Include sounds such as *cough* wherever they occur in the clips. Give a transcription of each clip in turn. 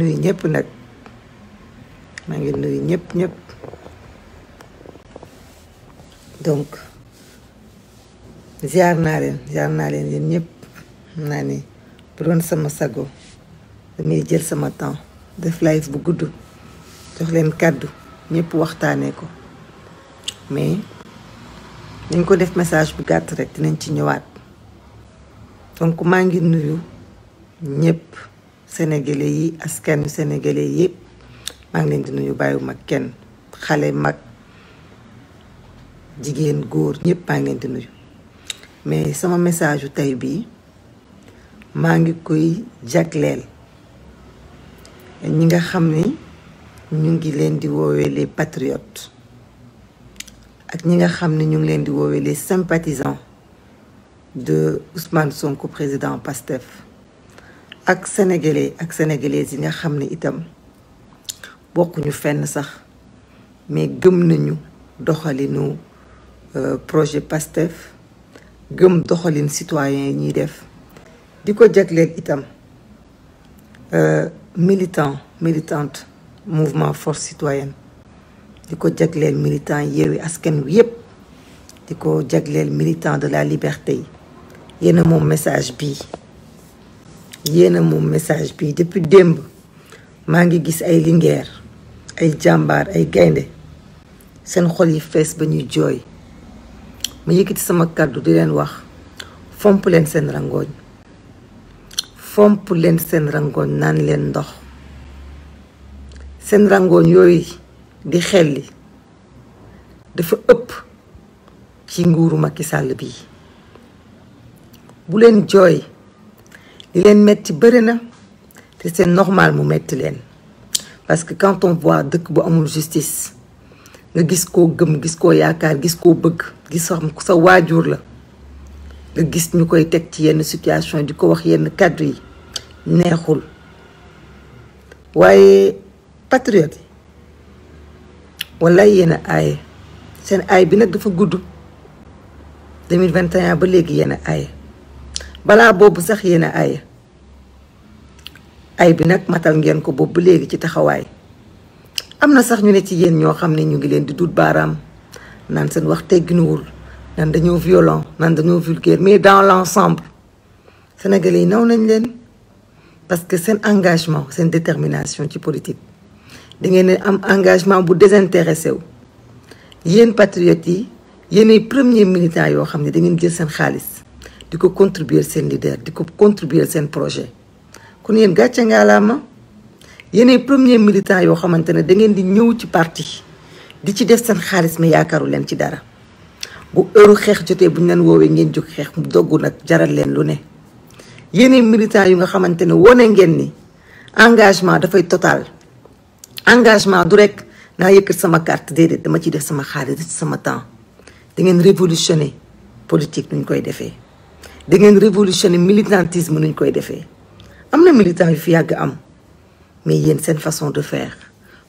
nuyu ñëpp nag maa ngi nuyu ñëpp ñëpp donc ziar naa leen ziar naa leen yéen ñëpp xam naa ni bu doon sama sago damay jël sama temps def live bu gudd jox leen kàddu ñëpp waxtaanee ko mais dañ ko def message bu gàtt rek nañ ci ñëwaat donc maa ngi nuyu ñëpp sénégalais yi askanu sénégalais yëpp maa ngi leen di nuyu bàyyiwuma kenn xale mag jigéen góor ñëpp maa ngi leen di nuyu mais sama message yu tey bii maa ngi koy jagleel ñi nga xam ni ñu ngi leen di woowee les patriotes ak ñi nga xam ne ñu ngi leen di woowee les sympathisants de Ousmane Sonko président Pastef ak sénégalais ak sénégalaises yi nga xam ne itam bokkuñu fenn sax mais gëm nañu doxalinu euh, projet PASTEF gëm doxalin citoyen yi ñuy def di ko jagleel itam euh, militant militante mouvement force citoyenne di ko jagleel militant yeewi askan wi yépp di ko jagleel militant de la liberté yi yéen moom message bii yéen a moom message bi depuis démb maa ngi gis ay lingeer ay jàmbaar ay gaynde seen xol yi fees ba ñuy jooy ma yëkkati sama kàddu di leen wax fomp leen seen rangooñ fomp leen seen rangooñ naan leen ndox seen rangooñ yooyu di xelli dafa ëpp ci nguuru Macky Sall bii bu leen jooy li leen metti bëri na te c'est normal mu metti leen parce que quand on dëkk bu amul justice nga gis koo gëm gis koo yaakaar gis koo bëgg gis xam sa waajur la nga gis ñu koy teg ci yenn situation di ko wax yenn kàddu yi neexul waaye patriot yi wala yéen a seen aay bi nag dafa gudd 2021 ba léegi yéen a balaa boobu sax yéen a ay ay bi nag matal ngeen ko boobu léegi ci taxawaay am na sax ñu ne ci yéen ñoo xam ne ñu ngi leen di dut baaraam naan seen wax tegginuwul nan dañoo violent nan dañoo vulgaire mais dans l'ensemble sénégal yi naw nañ leen parce que seen engagement seen détermination ci politique da ngeen am engagement bu désintéressé wu yéen patriotes yi yéenay premier militant yoo xam ne da ngeen jël seen xaalis di ko contribuer seen leader di ko contribuer seen projet kon yéen gàcce ma yeneen premier militant yoo xamante ne da ngeen di ñëw ci parti di ci def seen xaalis mais yaakaaru leen ci dara bu heure xeex jotee bu ñu leen woowee ngeen jóg xeex mu doggu nag jaral leen lu ne yéenay militant yu nga xamante ne wone ngeen ni engagement dafay total engagement du rek naa yëkkat sama carte déedéet dama ci def sama xaalis ci sama temps da ngeen révolutionner politique nuñ koy defee. da ngeen révolutionné militantisme nuñ koy defee am na militant yu fi yàgg am mais yéen seen façon de faire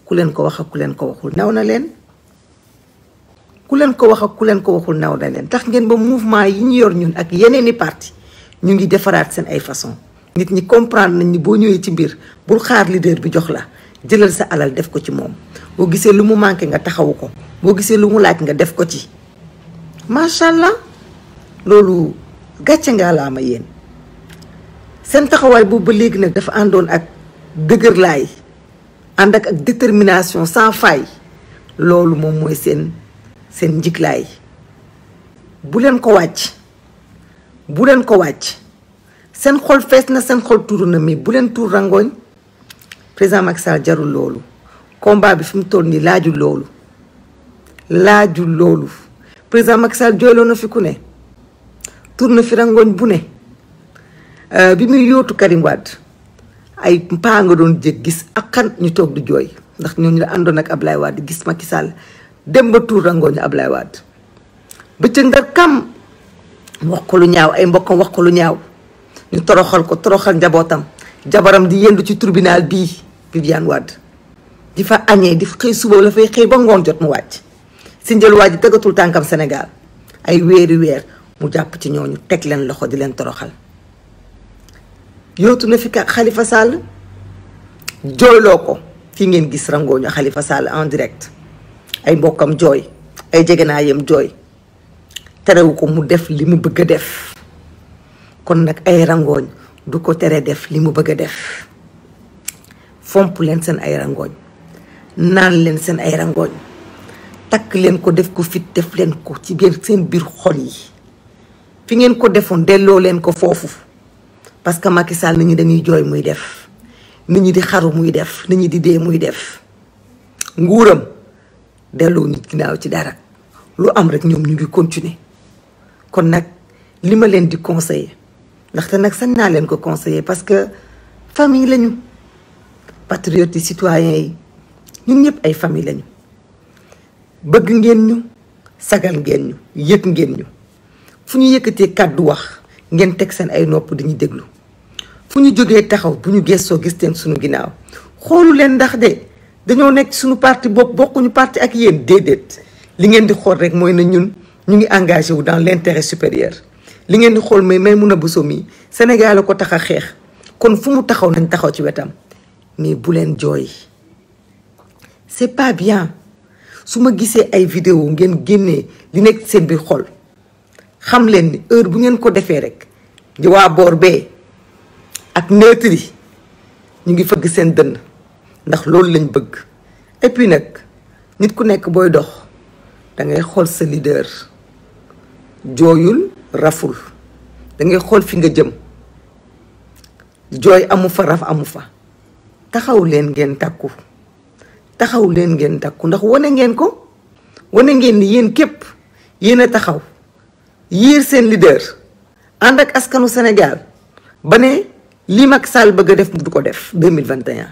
ku leen ko wax ak ku leen ko waxul naw na leen ku leen ko wax ak ku leen ko waxul naw na leen tax ngeen ba mouvement yi ñu yor ñun ak yeneen i parti ñu ngi defaraat seen ay façon nit ñi comprendre nañ ni boo ñëwee ci mbir bul xaar leader bi jox la jëlal sa alal def ko ci moom boo gisee lu mu manqué nga taxawu ko boo gisee lu mu laaj nga def ko ci macha allah loolu gàcce ngaa laa ma yéen seen taxawaay boobu ba léegi nag dafa àndoon ak dëgërlaay ànd ak ak détermination sans loolu moom mooy seen seen njiglaay bu leen ko wàcc bu leen ko wàcc seen xol fees na seen xol tuuru na mi bu leen tuur rangooñ président Macky Sall jarul loolu komba bi fi mu toll nii laajul loolu laajul loolu président Macky Sall jooyloo fi ku ne tourne firangoñ bu ne euh, bi muy yootu Karim Wade ay paa nga doon jég gis ak ñu toog di jooy ndax ñooñu la àndoon ak Ablaye Wade gis Macky Sall dem ba tuur rangooñu Ablaye Wade bëccëg ndar kam wax ko lu ñaaw ay mbokkam wax ko lu ñaaw ñu toroxal ko toroxal njabootam jabaram di yendu ci tribunal bii Viviane Wade di fa añee di xëy suba la fay xëy ba ngoon jot mu wàcc si njël waa ji tegatul tànkam Sénégal ay weeri weer mu jàpp ci ñooñu teg leen loxo di leen toroxal yootu na fi ka xalifa Sall jooyloo ko fii ngeen gis rangooñu Khalifa Sall en ay mbokkam jooy ay jegenaayam jooy terewu ko mu def li mu bëgg def kon nag ay rangooñ du ko tere def li mu bëgg a def fomp leen seen ay rangooñ naan leen seen ay rangooñ takk leen ko def ko fit def leen ko ci biir seen biir xol yi fi ngeen ko defoon delloo leen ko foofu parce que Macky Sall nit ñi dañuy jooy muy def nit ñi di xaru muy def nit ñi di dee muy def nguuram delloo ñu ginnaaw ci dara loo am rek ñoom ñu ngi continuer kon nag li ma leen di conseiller ndaxte nag sañ naa leen ko conseiller parce que famille lañu patriotes yi citoyens yi ñun ñëpp ay famille lañu bëgg ngeen ñu sagal ngeen ñu yëg ngeen ñu fu ñu yëkkatee kàddu wax ngeen teg seen ay nopp dañuy déglu fu ñu jógee taxaw bu ñu gëstoo gis teen suñu ginnaaw xoolu leen ndax de dañoo nekk suñu parti bopp bokkuñu parti ak yéen déedéet li ngeen di xool rek mooy na ñun ñu ngi engagé wu dans l'intérêt supérieur li ngeen di xool mooy Maimouna Bousso mii Sénégal la ko tax a xeex kon fu mu taxaw nañ taxaw ci wetam mais bu leen jooy c'est pas bien su ma gisee ay vidéo ngeen génnee li nekk seen biir xol xam leen ni heure bu ngeen ko defee rek di boor bee ak neutre yi ñu ngi fëgg seen dënn ndax loolu lañ bëgg et puis nag nit ku nekk booy dox da ngay xool sa leader jooyul raful da ngay xool fi nga jëm jooy amu fa raf amu fa taxaw leen ngeen takku taxaw leen ngeen takku ndax wane ngeen ko wane ngeen ni yéen képp yéen a taxaw yiir seen leader ànd ak askanu Sénégal ba ne lii mag Sall bëgg a def du ko def 2021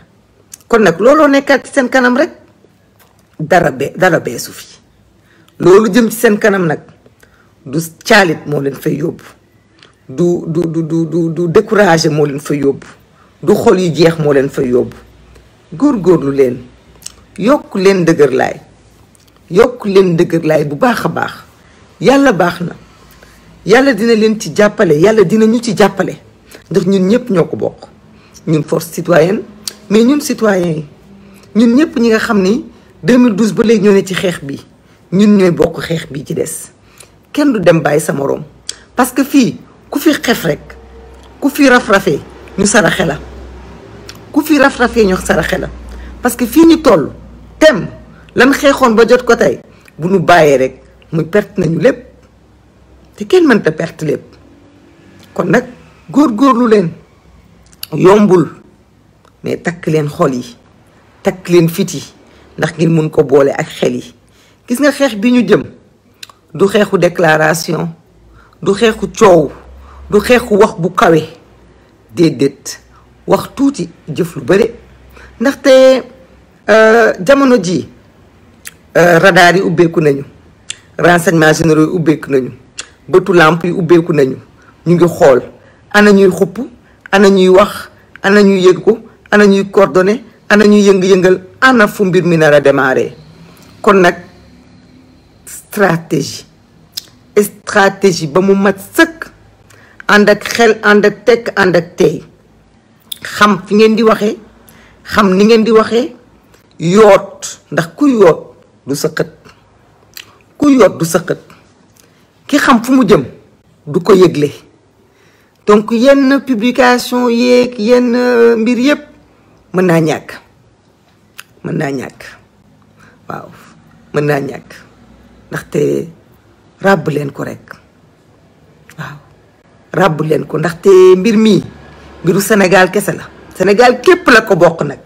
kon nag looloo nekkaat ci seen kanam rek dara be dara beesu fi loolu jëm ci seen kanam nag du caalit moo leen fa yóbbu du du du du du moo leen fa yóbbu du xol yi jeex moo leen fa yóbbu góor góorlu leen yokk leen dëgër laay yokk leen dëgër laay bu baax a baax yàlla baax na yàlla dina leen ci jàppale yàlla dina ñu ci jàppale ndax ñun ñëpp ñoo ko bokk ñun force citoyenne mais ñun citoyens yi ñun ñëpp ñi nga xam ni 2012 ba léegi ñoo ne ci xeex bi ñun ñooy bokk xeex bi ci des kenn du dem bàyyi sa moroom parce que fii ku fi xef rek ku fi raf-rafee ñu saraxe la ku fi raf-rafee ñu saraxe la parce que fii ñu toll tem lan xeexoon ba jot ko tey bu nu bàyyee rek mu perte nañu lépp te kenn mënta perte lépp kon nag góorlu leen yombul mais takk leen xol yi takk leen fit yi ndax ngeen mën ko boole ak xel yi gis nga xeex bi ñu jëm du xeexu déclaration du xeexu coow du xeexu wax bu kawe déedéet wax tuuti jëf lu bare ndaxte euh, jamono ji euh, radar yi ubbeeku nañu renseignements généraux yi ubbeeku nañu bëtu làmp yi ubbeeku nañu ñu ngi xool ana ñuy xupp ana ñuy wax ana ñuy yëngu ana ñuy coordonné ana ñuy yëng-yëngal ana fu mbir mi nar a kon nag stratégie stratégie ba mu mat sëkk ànd ak xel ànd ak tekk ànd ak tey xam fi ngeen di waxee xam ni ngeen di waxee yoot ndax kuy yoot du sëqat kuy yoot du sëqët ki xam fu mu jëm du ko yëgle donc yenn publication yeeg yenn euh, mbir yëpp mën naa ñàkk mën naa ñàkk waaw mën naa ñàkk ndaxte ràbb leen ko rek waaw ràbb leen ko ndaxte mbir mii mbiru Sénégal kese la Sénégal képp la ko bokk nag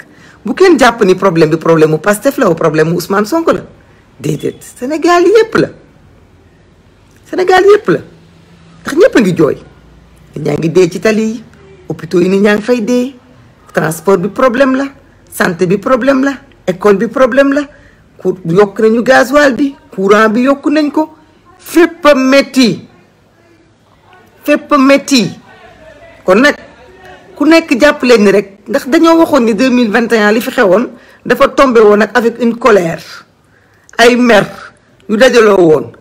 bu kenn jàpp ni problème bi problème mu Pastef la ou problème mu Ousmane Sonko la déedéet Sénégal yépp la Sénégal yépp la ndax ñëpp a ngi jooy nit ñaa ngi dee ci tali yi hôpitaux yi nit ñaa ngi fay dee transport bi problème la santé bi problème la école bi problème la ku yokk nañu gasoil bi courant bi yokk nañ ko fépp a metti fépp a métti kon nag ku nekk jàpp leen ni rek ndax dañoo waxoon ni 2021 li fi xewoon dafa tombe woon nag avec une colère ay mer yu dajaloo woon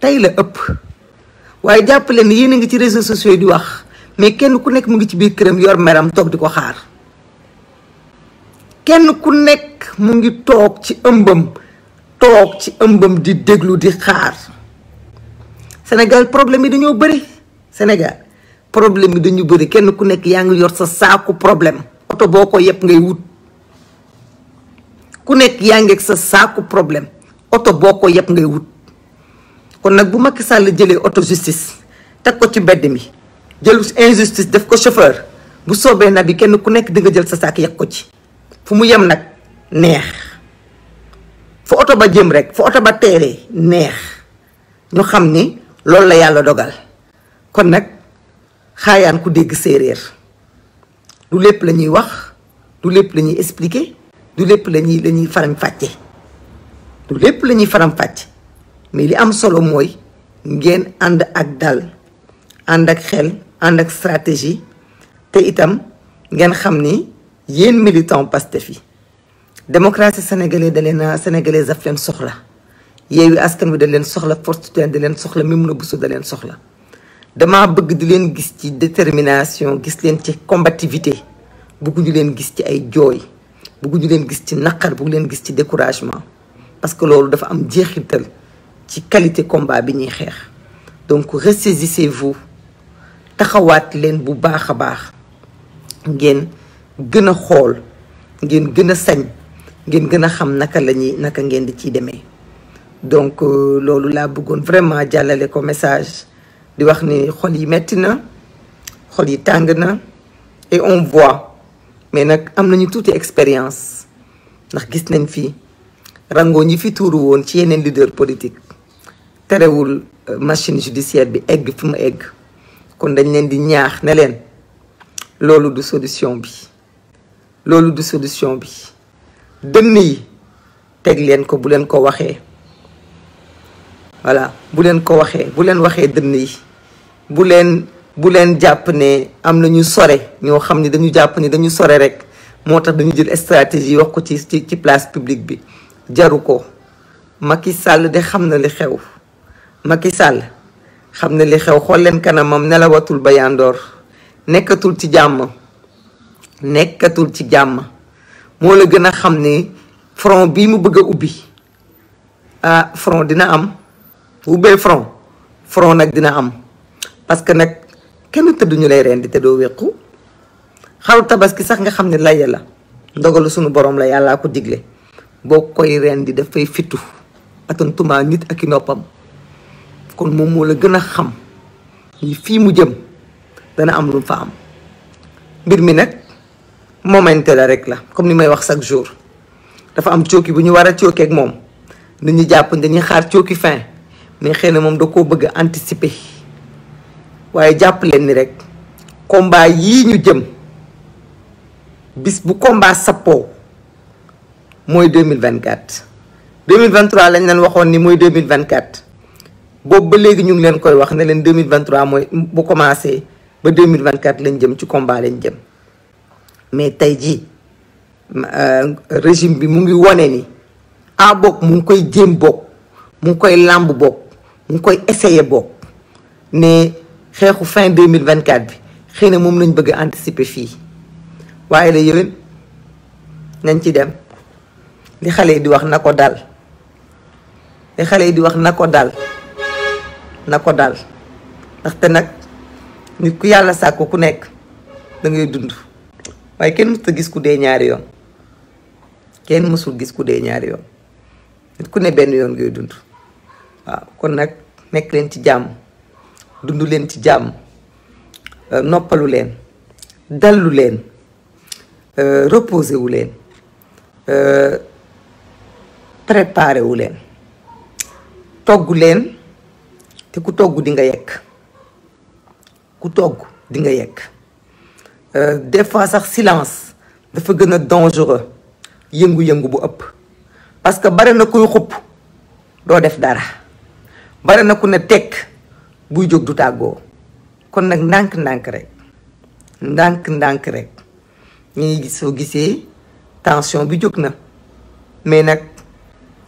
tey la ëpp waaye jàppale ni yéen a ngi ci réseaux sociaux yi di wax mais kenn ku nekk mu ngi ci biir këram yor meram toog di ko kenn ku nekk mu ngi toog ci ëmbam toog ci ëmbam di déglu di xaar Sénégal problème yi dañoo bëri Sénégal problème yi dañu bëri kenn ku nekk yaa ngi yor sa saaku problème oto boo ko yëpp ngay wut ku nekk yaa ngi ak sa saaku problème oto boo ko yëpp ngay wut kon nag bu makk sàll jëlee auto justice teg ko ci mbedd mi jël injustice def ko chauffeur bu soobee nag bi kenn ku nekk di nga jël sa saak yàq ko ci fu mu yem nag neex fu oto ba jëm rek fu oto ba teeree neex ñu xam ni loolu la yàlla dogal kon nag xaayaan ku dégg séeréer du lépp lañuy wax du lépp lañuy ñuy expliquer du lépp la ñuy la ñuy faram du lépp lañuy ñuy mais li am solo mooy ngeen ànd ak dal ànd ak xel ànd ak stratégie te itam ngeen xam ni yéen militant Pastef yi démocratie sénégalaise da leen sénégalais daf leen soxla Yewwi Askan Wi da leen soxla Force Citoyenne da leen soxla Mimina Bousso da leen soxla dama bëgg di leen gis ci détermination gis leen ci combativité bëgguñu leen gis ci ay jooy bëgguñu leen gis ci naqar bëggu leen gis ci découragement parce que loolu dafa am jeexital ci qualité combat bi ñuy xeex donc ressaisissez-vous taxawaat leen bu baax a baax ngeen gën a xool ngeen gën a sañ ngeen gën a xam naka lañuy naka ngeen di ciy demee donc euh, loolu laa bëggoon vraiment jàllale ko message di wax ni xol yi metti na xol yi tàng na et on voit mais nag am nañu tuuti expérience ndax gis nañ fi rango ñi fi tuuru woon ci yeneen leader politique terewul euh, machine judiciaire bi egg fi ma egg kon dañ leen di ñaax ne leen loolu du solution bi loolu du solution bi dënn yi teg leen ko bu leen ko waxee voilà bu leen ko waxee bu leen waxee dënn yi bu leen bu leen jàpp ne am na ñu sore ñoo xam ne dañu jàpp ni dañu sore rek moo tax dañu jël stratégie wax ko ci ci place publique bi jaru ko Macky sàll de xam na li xew ki Sall xam ne li xew xool leen kanamam nelawatul ba yandoor nekkatul ci jàmm nekkatul ci jàmm moo la gën a xam ne front bii mu bëgg a ubbi ah front dina am ubbee front front nag dina am parce que nag kenn tëdd ñu lay rendi te doo wéqu xaru sax nga xam ne laye la ndogalu sunu borom la yàllaa ko digle boo koy di dafay fittu atantumaa nit ak i noppam kon moom moo la gën a xam ni fii mu jëm dana am lu fa am mbir mi nag momenté la rek la comme ni may wax chaque jour dafa am cooki bu ñu war a cooki ak moom dañu jàpp dañuy xaar cooki fin ni xëy na moom da koo bëgg a anticiper waaye jàpp leen ni rek combat yii ñu jëm bis bu combat sappoo mooy 2024 2023 lañ leen waxoon ni mooy 2024 boobu ba léegi ñu ngi leen koy wax ne leen 2023 mooy bu commencé ba 2024 lañ jëm ci combat lañ jëm mais tey jii euh, régime bi mu ngi wone ni a bokk mu ngi koy jéem bokk mu ngi koy làmb bokk mu ngi koy essayer bokk ne xeexu fin 2024 bi xëy na moom lañ bëgg a anticiper fii waaye la yéwén nañ ci dem li xale yi di wax na ko dal li xale yi di wax na ko dal na ko dal ndaxte nag nit ku yàlla sàkk ku nekk da ngay dund waaye kenn mësul gis ku dee ñaari yoon kenn mësul gis ku dee ñaari yoon nit ku ne benn yoon ngay dund waaw kon nag nekk leen ci jàmm dund leen ci jàmm euh, noppalu leen dallu leen euh, reposé wu leen euh, préparé leen togg leen te ku togg di nga yekk ku togg di nga yekk euh, des fois sax silence dafa gën a dangereux yëngu-yëngu bu ëpp parce que bare na kuy xupp doo def dara bare na ku ne tekk buy jóg du tàggoo kon nag ndànk-ndànk rek ndànk-ndànk rek gis soo gisee tension bi jóg na mais nag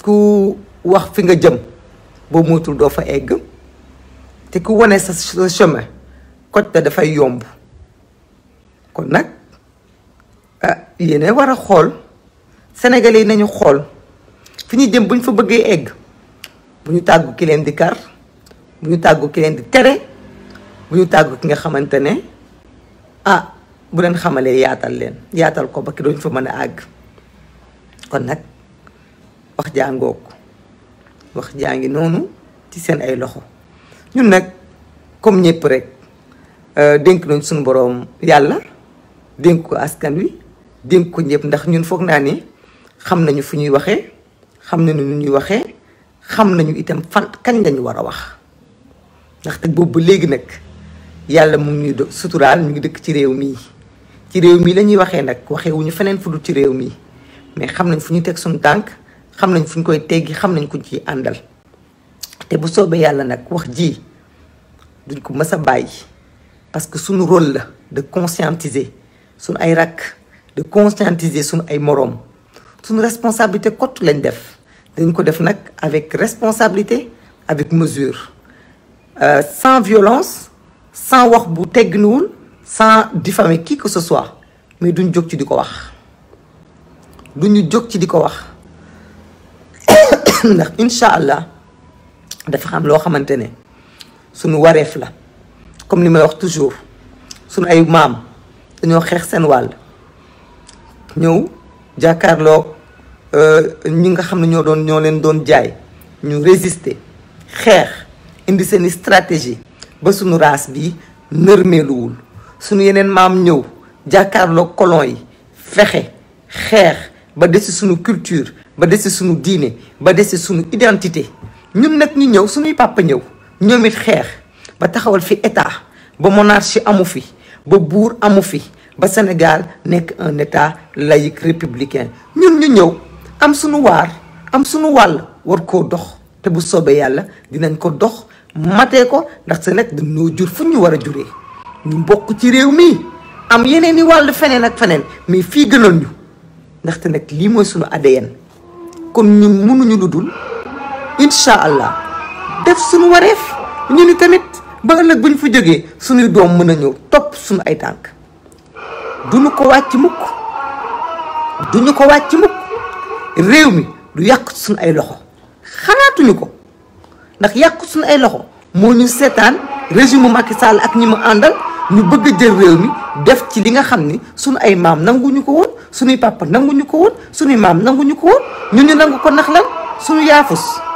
ku wax fi nga jëm boo moytul doo fa egg te ku wane sa sa chemin côté dafay yomb kon nag ah yéen war a xool sénégalais nañu xool fi ñu jëm bu ñu fa bëggee egg bu ñu tàggu ki leen di kar bu ñu tàggu ki leen di tere bu ñu tàggu ki nga xamante ne ah bu leen xamalee yaatal leen yaatal ko ba ki duñ fa mën a àgg kon nag wax jaa ngoog wax jaa ngi noonu ci seen ay loxo. ñun nag comme ñëpp rek euh, dénk nañ suñu boroom yàlla dénk ko askan wi dénk ko ñëpp ndax ñun foog naa ni xam nañu fu ñuy waxee xam nañu nu ñuy waxee xam nañu itam fan kañ lañu war a wax ndaxte boobu ba léegi nag yàlla mu ngi ñuy suturaal ñu ngi dëkk ci réew mii ci réew mii lañuy waxee nag waxee wu ñu feneen fu ci réew mii mais xam nañ fu ñu teg suñu tànk xam nañ fu ñu koy teggi xam nañ ko ciy àndal te bu soobee yàlla nag wax jii duñ ko mës a bàyyi parce que suñu rôle la de conscientiser suñu ay rakk de conscientiser suñu ay moroom suñu responsabilité kott lañ def dañ ko def nag avec responsabilité avec mesure euh, sans violence sans wax bu tegginuwul sans diffamer qui que ce soit mais duñ jóg ci di ko wax duñu jóg ci di ko wax *coughs* ndax incha allah dafa am loo xamante ne suñu wareef la comme ni may wax toujours suñu ay maam dañoo xeex seen wàll ñëw jàkkaarloo euh, ñi nga xam ne ñoo doon ñoo leen doon jaay ñu résister xeex indi seen stratégie ba suñu race bi nërmeeluwul suñu yeneen maam ñëw jàkkaarloog colon yi fexe xeex ba desi suñu culture ba desi suñu diine ba desi suñu identité ñun nag ñu ñëw suñuy papa ñëw ñoom it xeex ba taxawal fi état ba monarchie amu fi ba buur amu fi ba Sénégal nekk un état laïque républicain ñun ñu ñëw am suñu waar am suñu wàll war ko dox te bu soobee yàlla dinañ ko dox matee ko ndax se nag dañoo jur fu ñu war a juree ñu bokk ci réew mii am yeneen yi wàll feneen ak feneen mais fii gënoon ñu ndaxte nag lii mooy suñu ADN kon ñun lu dul incha allah def suñu wareef ñu ni tamit ba ëllëg bu ñu fa jógee suñuy doom mën a ñëw topp suñu ay tànk duñu ko wàcc mukk duñu ko wàcc mukk réew mi du yàq suñu ay loxo xalaatuñu ko ndax yàq suñu ay loxo moo ñu seetaan régime Macky Sall ak ñi mu àndal ñu bëgg a jël réew mi def ci li nga xam ni suñu ay maam nanguñu ko woon suñuy papa nanguñu ko woon suñuy maam nanguñu ko woon ñun ñu nangu ko nax lan suñu yaafus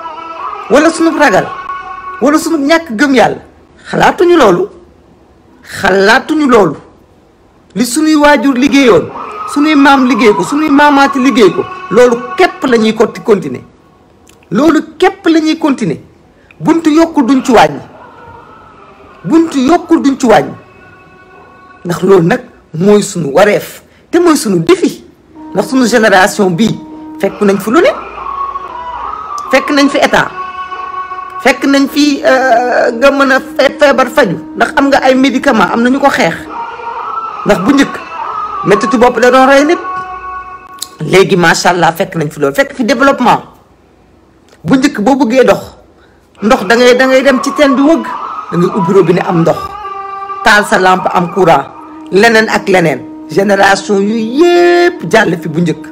wala sunub ragal wala sunub ñàkk gëm yàlla xalaatuñu loolu xalaatuñu loolu li suñuy waajur liggéeyoon suñuy maam liggéey ko suñuy maamaati liggéey ko loolu képp la ñuy kotti continuer loolu képp lañuy ñuy bunt buntu yokkul duñ ci bunt buntu yokkul duñ ci wàññi ndax loolu nag mooy suñu wareef te mooy suñu défi ndax suñu génération bii fekk nañ fi lu ne fekk nañ fi état fekk nañ fii euh, nga mën a feebar faju ndax am nga ay médicament am na ñu ko xeex ndax bu njëkk méttitu bopp da doon rey nit léegi macha allah fekk nañ fi loolu fekk fi développement bu njëkk boo bëggee dox ndox dangay dangay dem ci teen bi wëgg da ngay ubbi robinet am ndox taal sa làmp am courant leneen ak leneen génération yu yépp jàll fi bu njëkk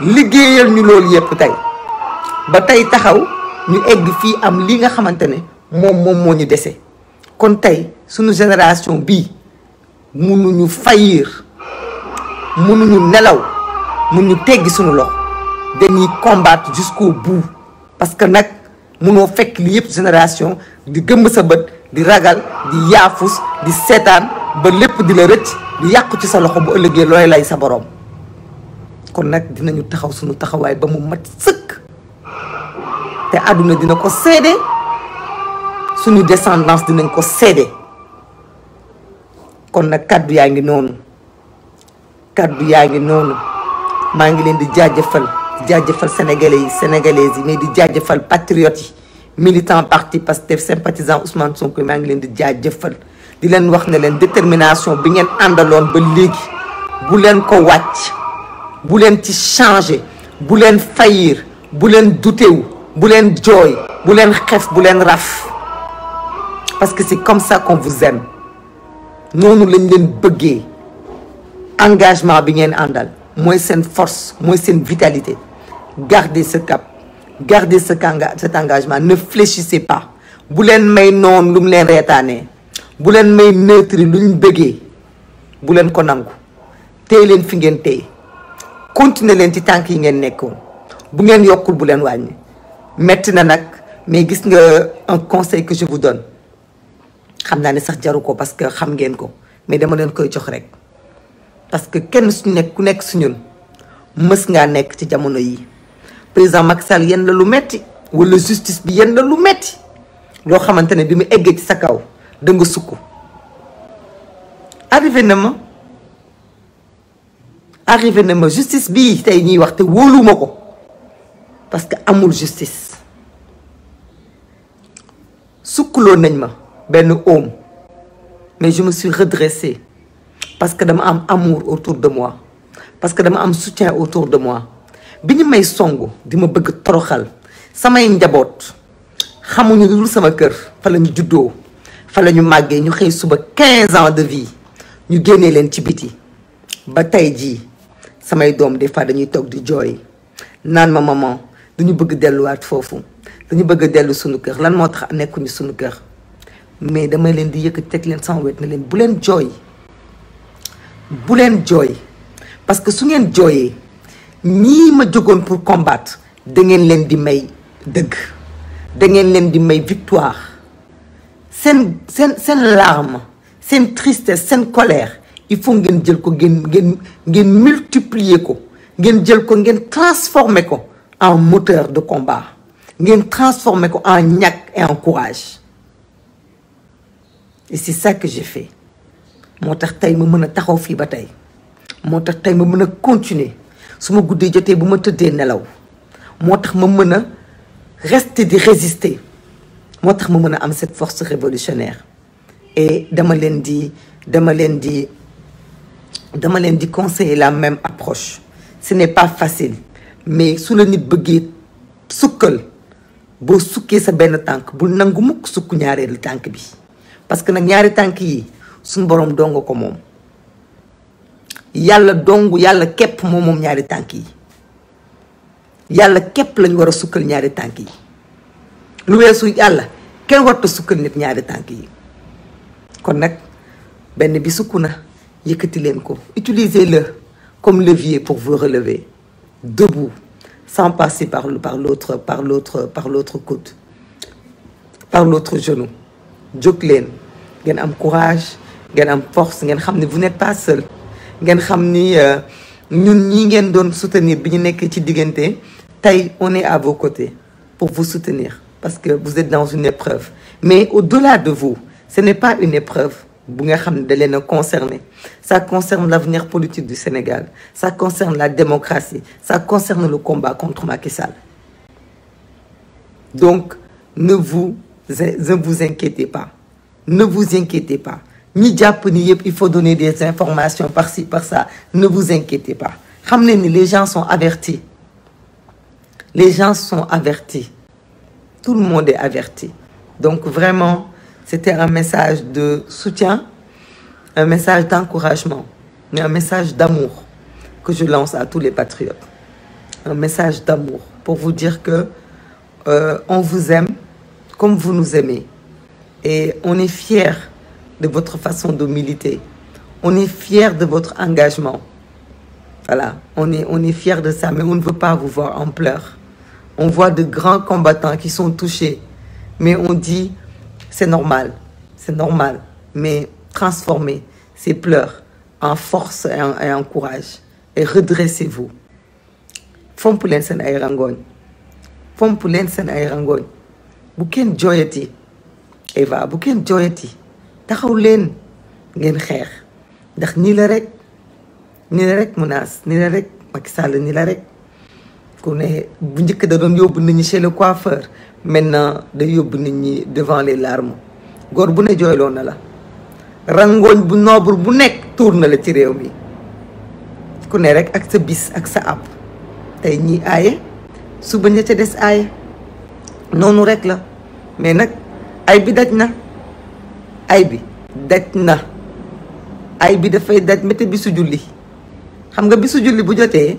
liggéeyal ñu loolu yépp tey ba tey taxaw ñu egg fii am li nga xamante ne moom moom moo ñu dese kon tey suñu génération bii mënuñu faillir mënuñu nelaw mënuñu teggi suñu loxo dañuy combattre jusqu'au bout parce que nag munoo fekk li yëpp génération di gëmb sa bët di ragal di yaafus di seetaan ba lépp di la rëcc di yàqu ci sa loxo bu ëllëgee looy lay sa boroom kon nag dinañu taxaw suñu taxawaay ba mu mat sëkk te àdduna dina ko seede suñu descendance dinañ ko seede kon nag kàddu yaa ngi noonu kàddu yaa ngi noonu maa ngi leen di jaajëfal jaajëfal sénégalais yi sénégalaises yi mais di jaajëfal patriotes yi militant parti Pastef sympathisant Ousmane yi maa ngi leen di jaajëfal di leen wax na leen détermination bi ngeen àndaloon ba léegi bu leen ko wàcc bu leen ci changer bu leen fayir bu leen dutewu bu leen jooy bu leen xef bu leen raf parce que c'est comme ça qu'on vous aime noonu lañ leen bëggee engagement bi ngeen àndal mooy seen force mooy seen vitalité gardez ce cap sa ce cet engagement ne fléchissez pas bu leen may noon lu mu leen reetaanee bu leen may neutre lu ñu bëggee bu leen ko nangu téy leen fi ngeen téy continuer leen ci tànk yi ngeen nekkoon bu ngeen yokkul bu leen wàññi metti na nag mais gis nga un conseil que je vous donne xam naa ne sax jaru ko parce que xam ngeen ko mais dama leen koy jox rek parce que kenn su nekk ku nekk su ñun mës ngaa nekk ci jamono yi président Macky Sall yenn la lu metti wala justice bi yenn la lu metti loo xamante ne bi mu eggee sa kaw da nga sukk arrivé na ma arrivé na ma justice bi tey ñuy wax te wóoluwuma ko parce que amul justice sukkuloon nañ ma benn oom mais je me suis redressée parce que dama am amour autour de moi parce que dama am soutien autour de moi bi ñu may songu di ma bëgg toroxal samay njaboot xamuñu lu sama kër fa la ñu juddoo fan la ñu màggee ñu xëy suba 15 ans de vie ñu génnee leen ci biti ba tey jii samay doom des fois dañuy toog di jooy naan ma maman dañu bëgg delluwaat foofu dañu bëgg a dellu suñu kër lan moo tax nekkuñu suñu kër mais damay leen di yëkkati teg leen sama wet ne leen bu leen jooy bu leen jooy parce que su ngeen jooyee ñii ma jógoon pour combattre da ngeen leen di may dëgg da ngeen leen di may victoire seen seen seen larme seen tristesse seen colère il faut ngeen jël ko ngeen ngeen ngeen multiplier ko ngeen jël ko ngeen transformer ko en moteur de combat ngeen transformer ko en ñàkk et en courage et c'est ça que j'ai fait moo tax tey ma mën a taxaw fii ba tey moo tax tey ma mun a continuer su ma guddee jotee bu ma tëddee nelaw moo tax ma mën a rester di résister moo tax ma mën a am cette force révolutionnaire et dama leen di dama leen di dama leen di conseiller la même approche ce n'est pas facile mais su la nit bëggee sukkal boo sukkee sa benn tànk bul nangu mukk sukk ñaareelu tànk bi parce que nag ñaari tànk yi suñ boroom dong ko moom yàlla dong yàlla képp moom moom ñaari tànk yi yàlla képp lañ war a sukkal ñaari tànk yi lu weesu yàlla kenn warta sukkal nit ñaari tànk yi kon nag benn bi sukk na yëkkati leen ko utilisez la comme levier pour vous relever debout, sans passer par, par l'autre par l'autre par l'autre côte, par l'autre genou. jóg leen ngeen am courage ngeen am force ngeen xam ne vous n'êtes pas seul ngeen xam ni euh, ñun ñi ngeen doon soutenir bi ñu nekk ci diggante tey on est à vos côtés pour vous soutenir parce que vous êtes dans une épreuve mais au-delà de vous ce n'est pas une épreuve bu nga xam ne da leen a concerné ça concerne l'avenir politique du Sénégal ça concerne la démocratie ça concerne le combat contre Macky Sall donc ne vous ne vous inquiétez pas ne vous inquiétez pas ñi jàpp ni yëpp il faut donner des informations par ci par ça ne vous inquiétez pas xam leen ni les gens sont avertis les gens sont avertis tout le monde est averti donc vraiment C'était un message de soutien, un message d'encouragement, mais un message d'amour que je lance à tous les patriotes. Un message d'amour pour vous dire que euh, on vous aime comme vous nous aimez. Et on est fiers de votre façon de militer. On est fiers de votre engagement. Voilà, on est, on est fiers de ça, mais on ne veut pas vous voir en pleurs. On voit de grands combattants qui sont touchés, mais on dit c'est normal, c'est normal. Mais transformez ces pleur en force et en, et en courage et redressez-vous. fomp leen seen ay rangooñ fomp leen seen ay rangooñ bu kenn jooyati Eva bu kenn jooyati taxaw leen ngeen xeex ndax nii la rek nii la rek menace nii la rek Macky Sall nii la rek ku ne bu njëkk da doon yóbbu nit ñi chez le coiffeur maintenant day yóbbu nit ñi devant les larmes góor bu ne jooyloo na la rangooñ bu noobul bu nekk tuur na la ci réew mi ku ne rek ak sa bis ak sa àpp tey ñii aaye suba ña ca des aaye noonu rek la mais nag ay bi daj na ay bi daj na ay bi dafay daj mété bisu julli xam nga bisu julli bu jotee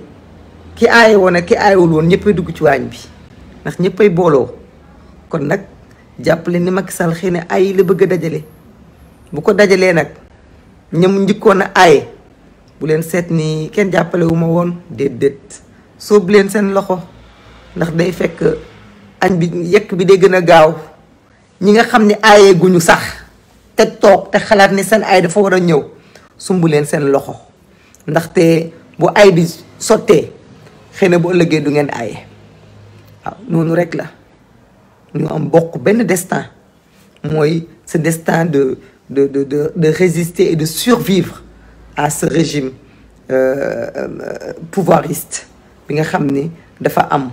ki aaye woon ak ki aayewul woon ñëppay dugg ci waañ bi ndax ñëppay booloo kon nag jàppale ni Macky Sall xëy na ay la bëgg a dajale bu ko dajalee nag ñam njëkkoon a aaye bu leen seet ni kenn jàppale wu ma woon déedéet soobu leen seen loxo ndax day fekk añ bi yekk bi day gën a gaaw ñi nga xam ne aaye guñu sax te toog te xalaat ni seen ay dafa war a ñëw sumb leen seen loxo ndaxte bu ay bi sottee xëy na bu ëllëgee du ngeen aaye waaw noonu rek la ñu am bokk benn destin mooy ce destin de de de de de résister et de survivre à ce régime euh, euh, pouvoiriste bi nga xam ni dafa am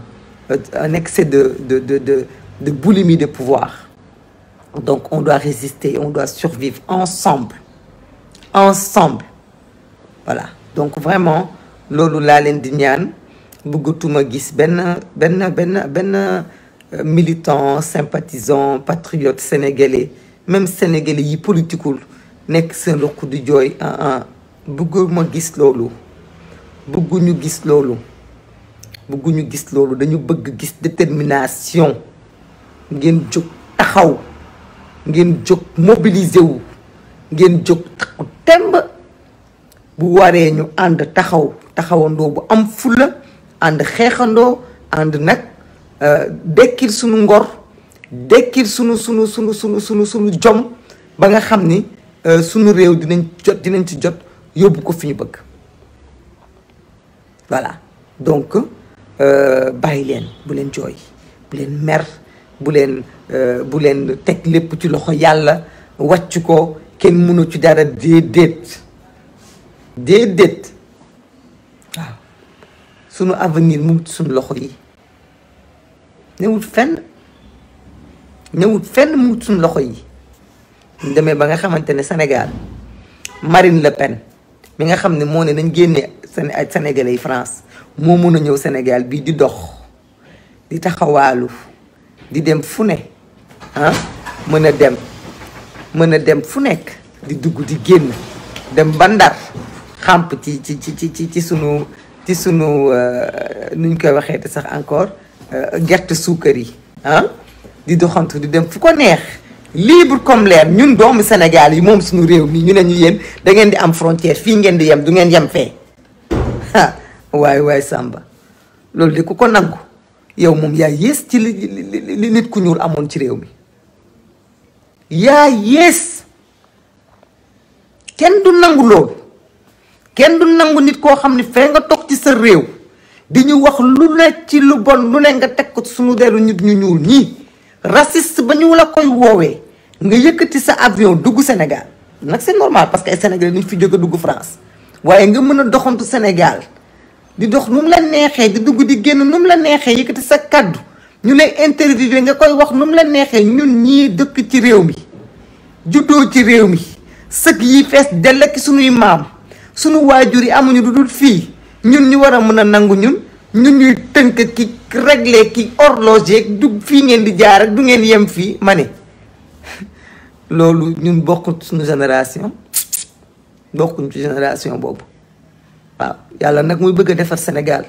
euh, un excès de de de de de de pouvoir donc on doit résister on doit survivre ensemble ensemble voilà donc vraiment loolu laa leen di ñaan. bëggatuma gis benn benn benn benn euh, militant sympathisant patriote sénégalais même sénégalais yi politikul nekk seen loxo di jooy ah, ah bëgguma gis loolu bëgguñu gis loolu bëgguñu gis loolu dañu bëgg gis détermination ngeen jóg taxaw ngeen jóg mobilisé ngeen jóg taxaw temb bu waree ñu ànd taxaw taxawandoo bu am fulla ànd xeexandoo ànd nag euh, dekkil suñu ngor dekkil sunu suñu suñu suñu suñu suñu jom ba nga xam ni euh, sunu réew dinañ jot dinañ ci jot yóbbu ko fi ñu bëgg voilà donc euh, bàyyi leen bu leen jooy bu leen mer bu leen bu leen teg lépp ci loxo yàlla wàcc ko kenn mënu ci dara déedéet déedéet waaw sunu avenir mu suñ loxo yi ñëwut fenn ñëwut fenn mu suñ loxo yi ñu demee ba nga xamante ne Sénégal Marine Le Pen mi nga xam ne moo ne nañ génne ay sénégalais France moo mën a ñëw Sénégal bii di dox di taxawaalu di dem fu ne ah mën a dem mën a dem fu nekk di dugg di génn dem ba Ndar xàmp ci ci ci ci ci sunu. ci sunu euh, nuñ koy waxee te sax encore euh, gerte suukar yi ah di doxantu di dem fu ko neex libre comme leer ñun doomu Sénégal yi moom suñu réew mi ñu ne ñu yéen da ngeen di am frontière fii ngeen di yem du ngeen yem fee waaye *laughs* waay waay loolu de ku ko nangu yow moom yaa yées ci li li nit ku ñuul amoon ci réew mi yaa yées kenn du nangu loolu kenn du nangu nit koo xam ne fee nga toog ci sa réew di ñu wax lu ne ci lu bon lu ne nga teg ko suñu dellu nit ñu ñuul ñii rasist ba ñu la koy woowee nga yëkkati sa avion dugg Sénégal nag c'est normal parce que ay Sénégalais ñu fi a dugg France waaye nga mën a doxantu Sénégal di dox nu mu la neexee di dugg di génn nu mu la neexee yëkkati sa kàddu ñu lay interviewé nga koy wax nu mu la neexee ñun ñi dëkk ci réew mi juddoo ci réew mi sëg yi fees dell ak suñuy maam sunu waajur yi amuñu du dul fii ñun ñu war a mën a nangu ñun ñu ñuy tënk ki réglé ki horloger du fii ngeen di jaar ak du ngeen yem fii ma ne *laughs* loolu ñun bokkut suñu génération bokkuñ ci génération boobu waaw yàlla nag muy bëgg a defar Sénégal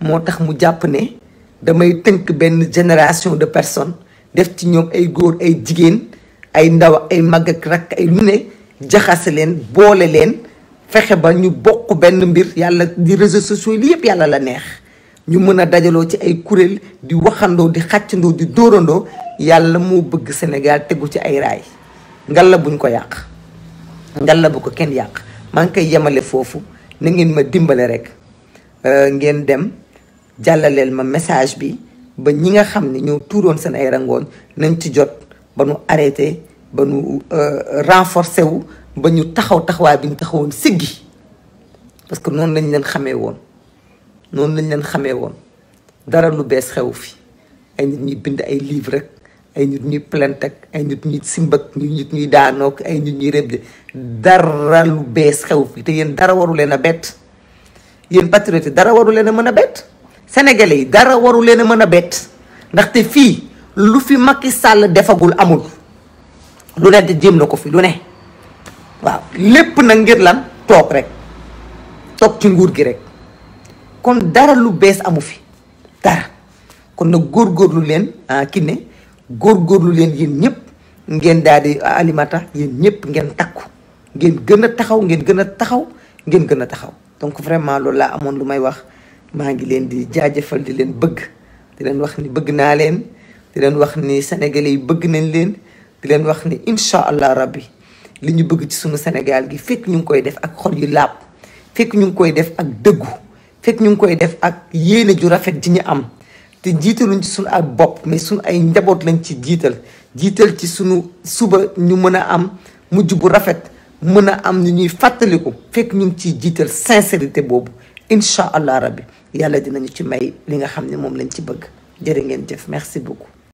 moo tax mu jàpp ne damay tënk benn génération de personnes def ci ñoom ay góor ay jigéen ay ndaw ay mag ak rakk ay lu ne jaxase leen boole leen fexe ba ñu bokk benn mbir yàlla di réseaux sociaux yi yëpp yàlla la neex ñu mën a dajaloo ci ay kuréel di waxandoo di xàccandoo di dóorandoo yàlla moo bëgg Sénégal tegu ci ay raay ngalla buñ ko yàq ngalla bu ko kenn yàq maa ngi koy yemale foofu na ngeen ma dimbale rek euh, ngeen dem jàllaleel ma message bi ba ñi nga xam ni ñoo tuuroon seen ay rangoon nañ ci jot ba nu arrêté ba nu euh, renforcé wu ba ñu taxaw taxawaay bi ñu taxawoon siggi parce que noonu lañ leen xamee woon noonu lañ leen xamee woon dara lu bees xew fi ay nit ñuy bind ay livre ay nit ñuy plainte ay nit ñuy simbak ñu nit ñuy daanook ay nit ñuy rëbb dara lu bees xew fi te yéen dara waru leen a bett yéen patriote dara waru leen a mën a bett sénégalais yi dara waru leen a mën a bett ndaxte fii lu fi Macky sàll defagul amul lu ne te jéem na ko fi lu ne waaw lépp nag ngir lan toog rek toog ci nguur gi rek kon dara lu bees amu fi dara kon nag góor góorlu leen ah, ki ne góor góorlu leen yéen ñëpp ngeen daal di ah, alimata yéen ñëpp ngeen takku ngeen gën a taxaw ngeen gën a taxaw ngeen gën a taxaw donc vraiment loolu laa amoon lu may wax maa ngi leen di jaajëfal di leen bëgg di leen wax ni bëgg naa leen di leen wax ni sénégalais yi bëgg nañ leen di leen wax ni incha allah rabbi li ñu bëgg ci sunu Sénégal gi fekk ñu ngi koy def ak xol yu laab fekk ñu ngi koy def ak dëggu fekk ñu ngi koy def ak yéene ju rafet ji ñu am te jiitaluñ ci sunu ak bopp mais sunu ay njaboot lañ ci jiital jiital ci sunu suba ñu mën a am mujj bu rafet mën a am ñu ñuy fàttaliku fekk ñu ngi ciy jiital sincérité boobu incha allah rabbi yàlla dinañu ci may li nga xam ne moom lañ ci bëgg jërë ngeen jëf merci beaucoup.